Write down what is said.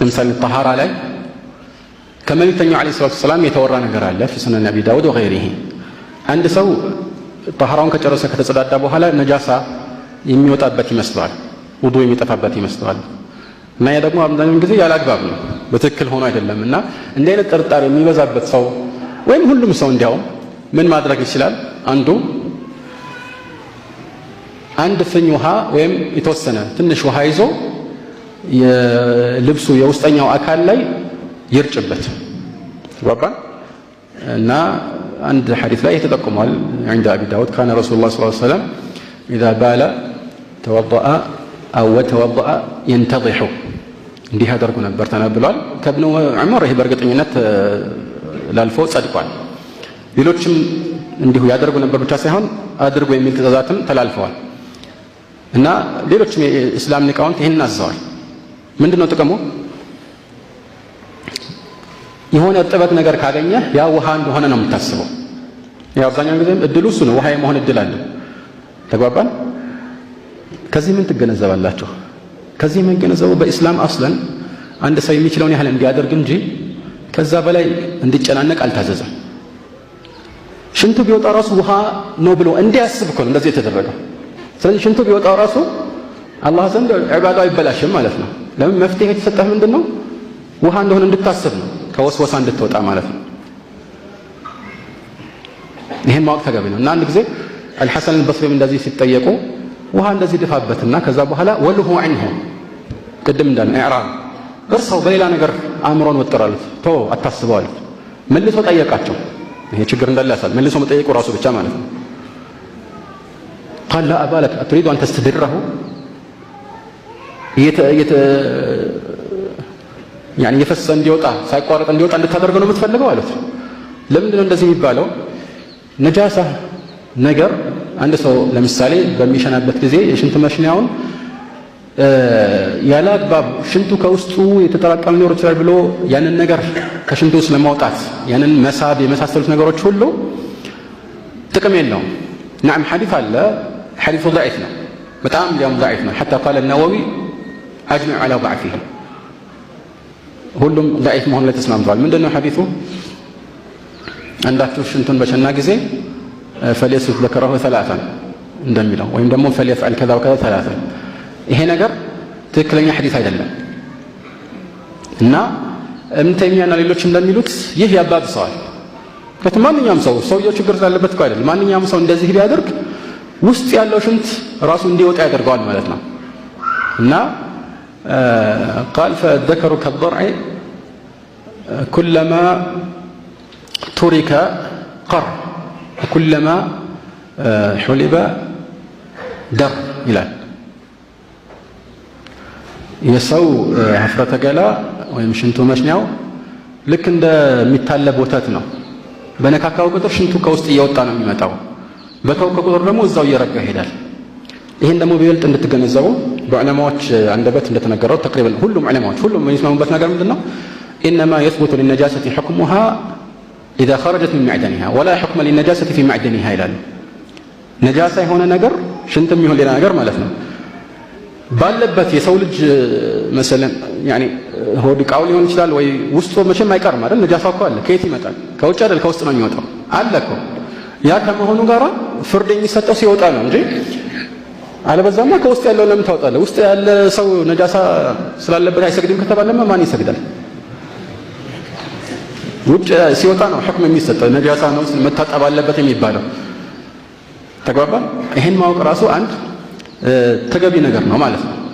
ለምሳሌ ጠሃራ ላይ ከመልእክተኛው ዓለይሂ ሰላቱ ወሰላም የተወራ ነገር አለ ፊ ሱነን አቢ ዳውድ ወገይሪሂ አንድ ሰው ጠሃራውን ከጨረሰ ከተጸዳዳ በኋላ ነጃሳ የሚወጣበት ይመስለዋል፣ ውዱ የሚጠፋበት ይመስለዋል። እና ያ ደግሞ አብዛኛውን ጊዜ ያላግባብ ነው፣ በትክክል ሆኖ አይደለም። እና እንዲህ አይነት ጥርጣሬ የሚበዛበት ሰው ወይም ሁሉም ሰው እንዲያውም ምን ማድረግ ይችላል? አንዱ አንድ ፍኝ ውሃ ወይም የተወሰነ ትንሽ ውሃ ይዞ የልብሱ የውስጠኛው አካል ላይ ይርጭበት ባባ እና አንድ ሐዲስ ላይ ተጠቁሟል። عند ابي داود كان رسول الله صلى الله عليه وسلم اذا بال توضا او توضا ينتضح እንዲህ ያደርጉ ነበር ተነብሏል። ከብኑ ዑመር ይሄ በእርግጠኝነት ላልፎ ጸድቋል። ሌሎችም እንዲሁ ያደርጉ ነበር ብቻ ሳይሆን አድርጉ የሚል ትእዛዛትም ተላልፈዋል እና ሌሎችም የእስላም ሊቃውንት ይህን አዘዋል። ምንድን ነው ጥቅሙ? የሆነ እርጥበት ነገር ካገኘ ያ ውሃ እንደሆነ ነው የምታስበው። አብዛኛውን ጊዜም እድሉ እሱ ነው፣ ውሃ የመሆን እድል አለው። ተጓቋን ከዚህ ምን ትገነዘባላችሁ? ከዚህ የምንገነዘበው በኢስላም አስለን አንድ ሰው የሚችለውን ያህል እንዲያደርግ እንጂ ከዛ በላይ እንዲጨናነቅ አልታዘዘም። ሽንቱ ቢወጣ ራሱ ውሃ ነው ብሎ እንዲያስብ እኮ ነው እንደዚህ የተደረገው። ስለዚህ ሽንቱ ቢወጣ ራሱ አላህ ዘንድ ዒባዳው አይበላሽም ማለት ነው። ለምን መፍትሄ የተሰጠህ ምንድን ነው? ውሃ እንደሆነ እንድታስብ ነው። ከወስወሳ እንድትወጣ ማለት ነው። ይሄን ማወቅ ተገቢ ነው እና አንድ ጊዜ አልሐሰን አልበስሪም እንደዚህ ሲጠየቁ ውሃ እንደዚህ ድፋበትና ከዛ በኋላ ወልሁ ዐንሁ ቅድም እንዳለ ኢዕራብ እርሰው በሌላ ነገር አእምሮን ወጥራሉት ቶ አታስበዋል። መልሶ ጠየቃቸው። ይሄ ችግር እንዳለ ያሳል መልሶ መጠየቁ ራሱ ብቻ ማለት ነው ቃል ላ አባለክ አትሪዱ አን እየፈሰሰ እንዲወጣ ሳይቋረጥ እንዲወጣ እንድታደርገው ነው የምትፈልገው አሉት። ለምንድነው እንደዚህ የሚባለው? ነጃሳ ነገር አንድ ሰው ለምሳሌ በሚሸናበት ጊዜ የሽንት መሽናውን ያለ አግባብ ሽንቱ ከውስጡ የተጠራቀመ ሊኖር ይችላል ብሎ ያንን ነገር ከሽንቱ ውስጥ ለማውጣት ያንን መሳብ የመሳሰሉት ነገሮች ሁሉ ጥቅም የለውም። ናዕም ሐዲፍ አለ ሐዲፉ ዳዒፍ ነው፣ በጣም ሊያውም ዳዒፍ ነው። ሐታ ቃለ ናወዊ አጅመዑ ዐላ ضዕፊሂ ሁሉም ዳኢፍ መሆኑ ላይ ተስማምተዋል። ምንድን ነው ሐዲቱ? አንዳችሁ ሽንቱን በሸና ጊዜ ፈሊየስጁድ ለከረሁ ሰላሳን እንደሚለው ወይም ደግሞ ፈሊየፍዐል ከዛ ወከዛ ሰላሳን። ይሄ ነገር ትክክለኛ ሐዲስ አይደለም እና እብን ሌሎች እንደሚሉት ይህ ያባብሰዋል። ምክንያቱም ማንኛውም ሰው ሰውየው ችግር ስላለበት እኮ አይደለም። ማንኛውም ሰው እንደዚህ ቢያደርግ ውስጥ ያለው ሽንት ራሱ እንዲወጣ ያደርገዋል ማለት ነው እና قال فالذكر كالضرع كلما ترك قر وكلما حلب در ይላል የሰው ሀፍረተ ገላ ወይም ሽንቱ መሽኛው ልክ እንደሚታለብ ወተት ነው። በነካካው ቁጥር ሽንቱ ከውስጥ እየወጣ ነው የሚመጣው። በተወከ ቁጥር ደግሞ እዛው እየረጋ ይሄዳል። ይህን ደግሞ ቢበልጥ እንድትገነዘቡ በዑለማዎች አንደበት እንደተነገረው ተቅሪበን ሁሉም ዕለማዎች ሁሉም የሚስማሙበት ነገር ምንድን ነው? ኢነማ የስቡቱ ሊነጃሰቲ ሕክሙሃ ኢዛ ኸረጀት ሚን ማዕደኒሃ ወላ ሕክመ ሊነጃሰቲ ፊ ማዕደኒሃ ይላሉ። ነጃሳ የሆነ ነገር ሽንትም ይሁን ሌላ ነገር ማለት ነው ባለበት የሰው ልጅ መሰለን ያኔ ሆድ ዕቃው ሊሆን ይችላል ወይ ውስጡ መቼም አይቀርም አይደል? ነጃሳ እኮ አለ። ከየት ይመጣል? ከውጭ አይደል? ከውስጥ ነው የሚወጣው። አለ እኮ ያ ከመሆኑ ጋራ ፍርድ የሚሰጠው ሲወጣ ነው እንጂ አለበዛማ ከውስጥ ያለው ለምን ታወጣለህ? ውስጥ ያለ ሰው ነጃሳ ስላለበት አይሰግድም ከተባለማ ማን ይሰግዳል? ውጭ ሲወጣ ነው ህክም የሚሰጠው። ነጃሳ ነው መታጠብ አለበት የሚባለው። ተግባባ። ይሄን ማወቅ ራሱ አንድ ተገቢ ነገር ነው ማለት ነው።